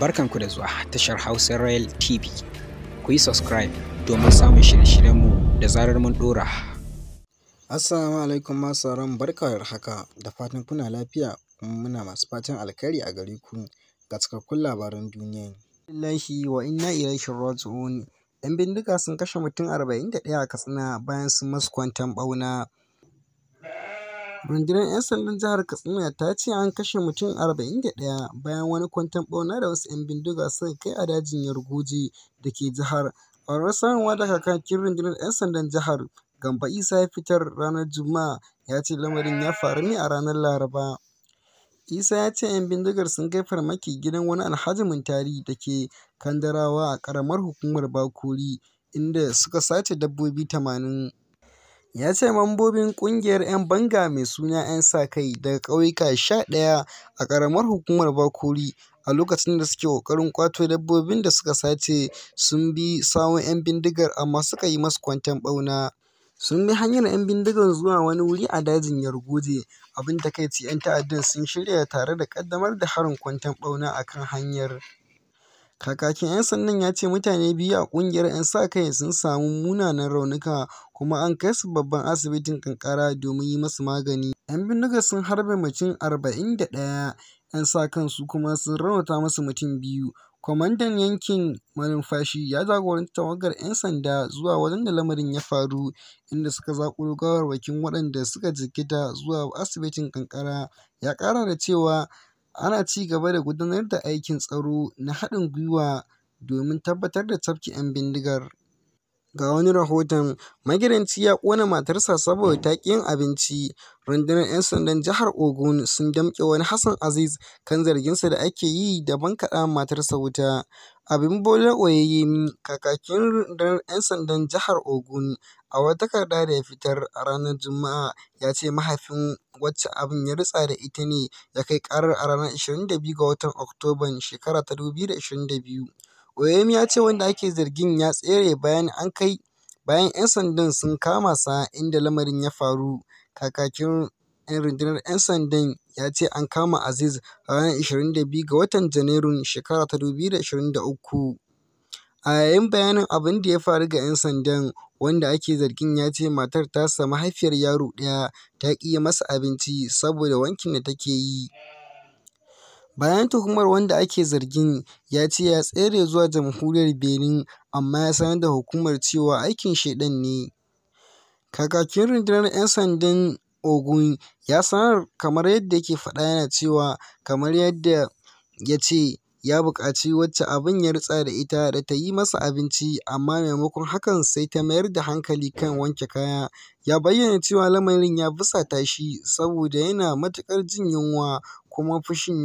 barkanku da zuwa tashar Hausa Royal TV. Ku yi subscribe domin samun shirye-shiryenmu da zarar mun dora Assalamu alaikum masaran barka da haka da fatan kuna lafiya kuma muna masu fatan alkhairi a gare ku ga cikakkun labaran duniya. Lillahi wa inna ilaihi raji'un. Yan bindiga sun kashe mutum 41 a Katsina bayan sun masu kwantan ɓauna. Rundunar ‘Yan Sandan Jihar Katsina ta ce an kashe mutum 41 bayan wani kwanton ɓauna da wasu ‘yan bindiga suka kai a dajin Yarmoji da ke jihar. A wata sanarwa da kakakin rundunar ‘yan sandan jihar, Gambo Isa ya fitar ranar Juma'a, ya ce lamarin ya faru ne a ranar Laraba. Isa ya ce ‘yan bindigar sun kai farmaki gidan wani Alhaji Muntari da ke Kandarawa a ƙaramar hukumar Bakori, inda suka sace dabbobi 80. Ya ce mambobin ƙungiyar 'yan banga mai suna 'Yan Sa-kai daga ƙauyuka 11 a ƙaramar hukumar Bakori, a lokacin da suke ƙoƙarin ƙwato dabbobin da suka sace, sun bi sawun 'yan bindigar amma suka yi musu kwanton ɓauna. Sun bi hanyar 'yan bindigar zuwa wani wuri a dajin Yargoje, Abin takaici 'yan ta'addan sun shirya tare da ƙaddamar da harin kwanton ɓauna a kan hanyar. Kakakin 'yan sandan ya ce mutane biyu a ƙungiyar 'yan sa-kai sun samu munanan raunuka kuma an kai su babban asibitin ƙanƙara domin yi musu magani. 'Yan bindigar sun harbe mutum 41, 'yan sa-kan su kuma sun raunata musu mutum biyu. Kwamandan yankin manumfashi ya jagoranci tawagar 'yan sanda zuwa wajen da lamarin ya faru, inda suka zaƙulo gawarwakin waɗanda suka jikkata zuwa asibitin ƙanƙara. Ya ƙara da cewa Ana ci gaba da gudanar da aikin tsaro na haɗin gwiwa domin tabbatar da cafke 'yan bindigar. Ga wani rahoton: Magidanci ya ƙona matarsa saboda ta ƙi yin abinci Rundunar ‘Yan Sandan Jihar Ogun sun damƙe wani Hassan Aziz kan zarginsa da ake yi da bankaɗa matarsa wuta. Abin Abimbola ne kakakin Rundunar ‘Yan Sandan Jihar Ogun, a wata takarda da ya fitar a ranar Juma'a ya ce mahaifin wacce abin ya rutsa da ita ne ya kai ƙarar a ranar 22 ga watan Oktoban shekara ta 2022. Oyemi ya ce wanda ake zargin ya tsere bayan an kai bayan 'yan sandan sun kama sa inda lamarin ya faru. Kakakin rundunar 'yan sandan ya ce an kama Aziz a ranar 22 ga watan Janairun shekara ta 2023. A yayin bayanin abin da ya faru ga 'yan sandan, wanda ake zargin ya ce matar tasa, mahaifiyar yaro ɗaya, ta ƙi yi masa abinci saboda wankin da take yi. Bayan tuhumar, wanda ake zargin ya ce ya tsere zuwa Jamhuriyar Benin amma ya sanar da hukumar cewa aikin shaiɗan ne, kakakin rundunar 'yan sandan Ogun ya sanar, kamar yadda yake faɗa yana cewa, kamar yadda ya ce: Ya buƙaci wacce abin ya rutsa da ita da ta yi masa abinci, amma maimakon hakan sai ta mayar da hankali kan wanke kaya. Ya bayyana cewa lamarin ya fusata shi, saboda yana matuƙar jin yunwa kuma fushin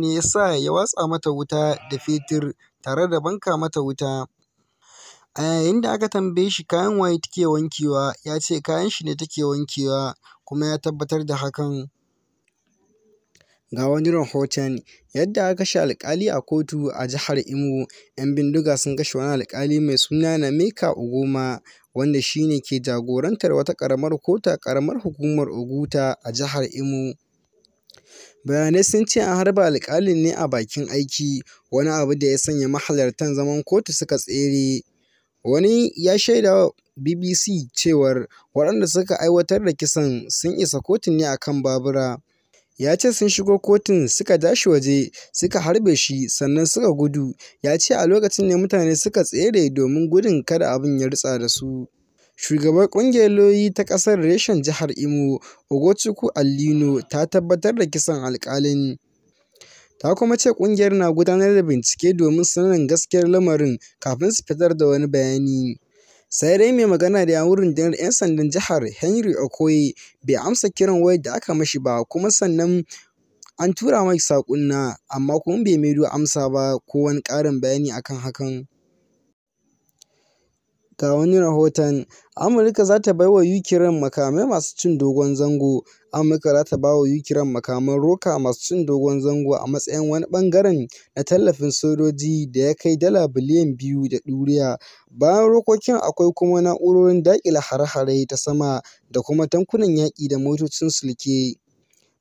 ne ya sa ya watsa mata wuta da fetur, tare da banka mata wuta. A yayin da aka tambaye shi kayan waye take wankewa, ya ce kayan shi ne take wankewa, kuma ya tabbatar da hakan. Ga wani rahoton yadda aka kashe alƙali a kotu a jihar Imo, 'yan bindiga sun kashe wani alƙali mai suna Meka Oguma, wanda shine ke jagorantar wata ƙaramar kota karamar Ƙaramar Hukumar Oguta a jihar Imo. Bayanai sun ce an harba alƙalin ne a bakin aiki, wani abu da ya sanya mahalartan zaman kotu suka tsere. Wani ya shaida BBC cewar waɗanda suka aiwatar da kisan sun isa kotun ne a kan babura. Ya ce sun shigo kotun suka ja waje suka harbe shi sannan suka gudu. Ya ce a lokacin ne mutane suka tsere domin gudun kada abin ya ritsa da su. Shugaban ƙungiyar lauyoyi ta ƙasar reshen Jihar Imo, ogochukwu Allino, ta tabbatar da kisan alƙalin. Ta kuma ce ƙungiyar na gudanar da bincike domin sanin gaskiyar lamarin kafin su fitar da wani bayani. Sai dai mai magana da yawun rundunar 'yan sandan jihar, Henry Okoye, bai amsa kiran wayar da aka mashi ba kuma sannan an tura mai saƙunna amma kuma bai mai amsa ba ko wani ƙarin bayani akan hakan. Ga wani rahoton: Amurka za ta bai wa Ukraine makamai masu cin dogon zango Amurka za ta ba wa Ukraine makaman roka masu cin dogon zango a matsayin wani bangaren na tallafin sojoji da ya kai dala biliyan biyu da ɗuriya. Bayan rokokin, akwai kuma na'urorin dakile hare-hare ta sama da kuma tankunan yaƙi da motocin sulke.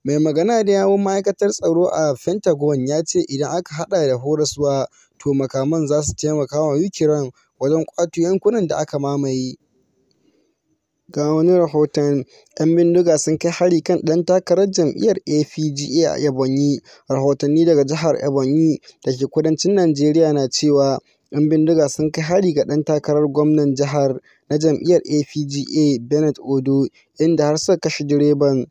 Mai magana da yawun Ma'aikatar Tsaro a Pentagon ya ce idan aka haɗa da horaswa, to makaman za su taimaka wa Ukraine. wajen ƙwato yankunan da aka mamaye. Ga wani rahoton: 'Yan bindiga sun kai hari kan ɗan takarar jam'iyyar APGA a Ebonyi Rahotanni daga jihar Ebonyi da ke kudancin Najeriya na cewa 'yan bindiga sun kai hari ga ɗan takarar gwamnan jihar na jam'iyyar APGA Bernard Odo, inda har suka kashe direban.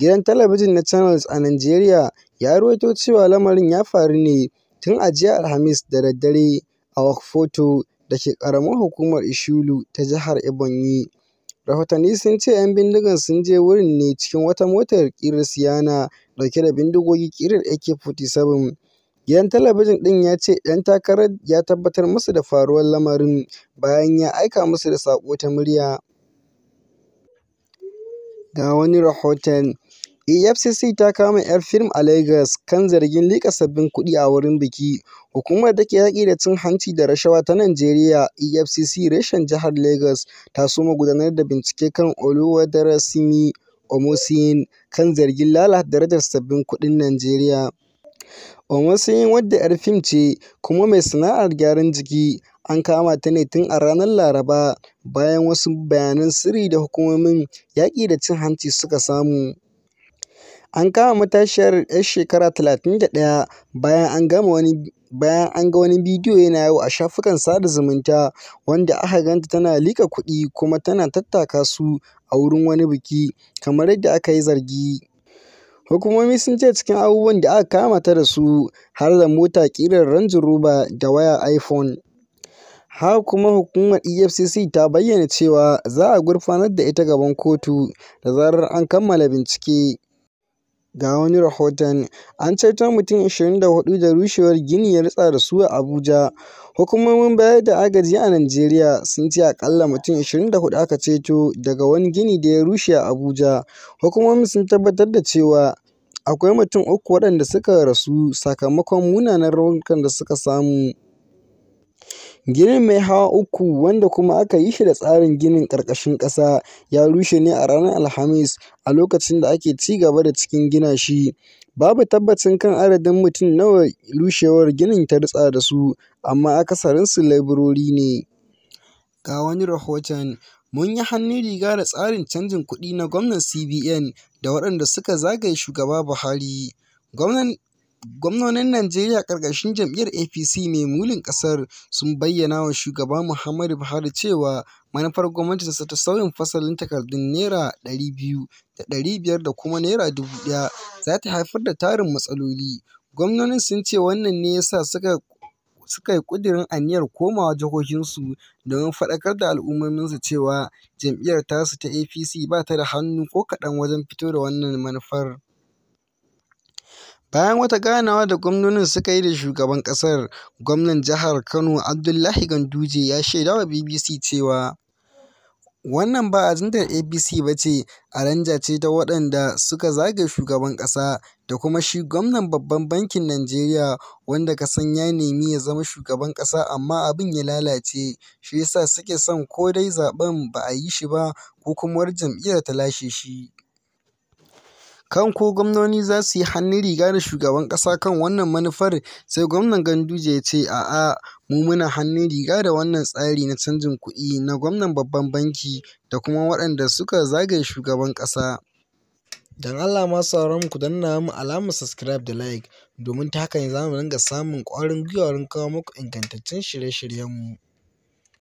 Gidan talabijin na Channels a Najeriya ya ruwaito cewa lamarin ya faru ne tun a jiya Alhamis da daddare a Awakfoto. da ke ƙaramar hukumar Ishulu, ta jihar Ebonyi. Rahotanni sun ce ‘yan bindigar sun je wurin ne cikin wata motar ƙirar Siyana dauke da bindigogi ƙirar AK-47. Gidan talabijin ɗin ya ce 'yan takarar ya tabbatar musu da faruwar lamarin bayan ya aika musu da saƙo ta murya. Ga wani rahoton. EFCC ta kama 'yar fim a Lagos kan zargin liƙa sabbin kuɗi a wurin biki. Hukumar da ke yaƙi da cin hanci da rashawa ta Najeriya (EFCC) reshen Jihar Lagos ta soma gudanar da bincike kan Oluwadarasimi Omosin kan zargin lalata darajar sabbin kuɗin Najeriya. Omosin wadda 'yar fim ce kuma mai sana'ar gyaran jiki, an kama ta ne tun a ranar Laraba bayan wasu bayanan sirri da hukumomin yaƙi da cin hanci suka samu. An kama matashiyar 'yar shekara 31 bayan an ga wani bidiyo yana yau a shafukan sada zumunta wanda aka ganta tana lika kuɗi kuma tana tattaka su a wurin wani biki, kamar yadda aka yi zargi. Hukumomi sun ce cikin abubuwan da aka kama ta da su har da mota ƙirar ranjin roba da waya iPhone. Haka kuma, hukumar EFCC ta bayyana cewa za a gurfanar da ita gaban kotu da zarar an kammala bincike. Ga wani rahoton: An ceto mutum 24 da rushewar gini ya da su a Abuja Hukumomin bayar da agaji a Najeriya sun ce akalla mutum 24 aka ceto daga wani gini da ya rushe a Abuja. Hukumomin sun tabbatar da cewa akwai mutum uku waɗanda suka rasu sakamakon munanan raunukan da suka samu. Ginin mai hawa uku, wanda kuma aka yi shi da tsarin ginin ƙarƙashin ƙasa, ya rushe ne a ranar Alhamis a lokacin da ake ci gaba da cikin gina shi. Babu tabbacin kan adadin mutum nawa rushewar ginin ta rutsa da su, amma akasarinsu leburori ne. Ga wani rahoton: Mun yi hannun riga da tsarin canjin kuɗi na Gwamnan CBN da waɗanda suka zagaye Shugaba Buhari. Gwamnan Gwamnonin Najeriya ƙarƙashin jam'iyyar APC mai mulin ƙasar sun bayyana wa Shugaba Muhammadu Buhari cewa manufar gwamnati ta sauyin fasalin takardun Naira 200 da biyar da kuma Naira 1000 za ta haifar da tarin matsaloli. Gwamnonin sun ce wannan ne ya sa suka yi ƙudurin aniyar komawa jihohinsu domin faɗakar da al'ummominsu cewa jam'iyyar tasu ta APC ba ta da hannu ko kaɗan wajen fito da wannan manufar. Bayan wata ganawa da gwamnonin suka yi da shugaban ƙasar, gwamnan jihar Kano Abdullahi Ganduje ya shaida wa BBC cewa wannan ba ajandar APC ba ce, ajanda ce ta waɗanda suka zagaye shugaban ƙasa da kuma shi gwamnan Babban Bankin Najeriya wanda ka san ya nemi ya zama shugaban ƙasa amma abin ya lalace, shi yasa sa suke son ko dai zaben ba a yi shi ba ko kuma wani jam'iyyar ta lashe shi. kan ko gwamnoni za su yi hannun riga da shugaban ƙasa kan wannan manufar sai Gwamnan Ganduje ya ce a'a mu muna hannun riga da wannan tsari na canjin kuɗi na gwamnan babban banki da kuma waɗanda suka zagaye shugaban ƙasa. Don Allah ma sauran ku danna mu alamar subscribe da like domin ta hakan za mu dinga samun ƙwarin gwiwa kawo muku ingantaccen shirye-shiryenmu.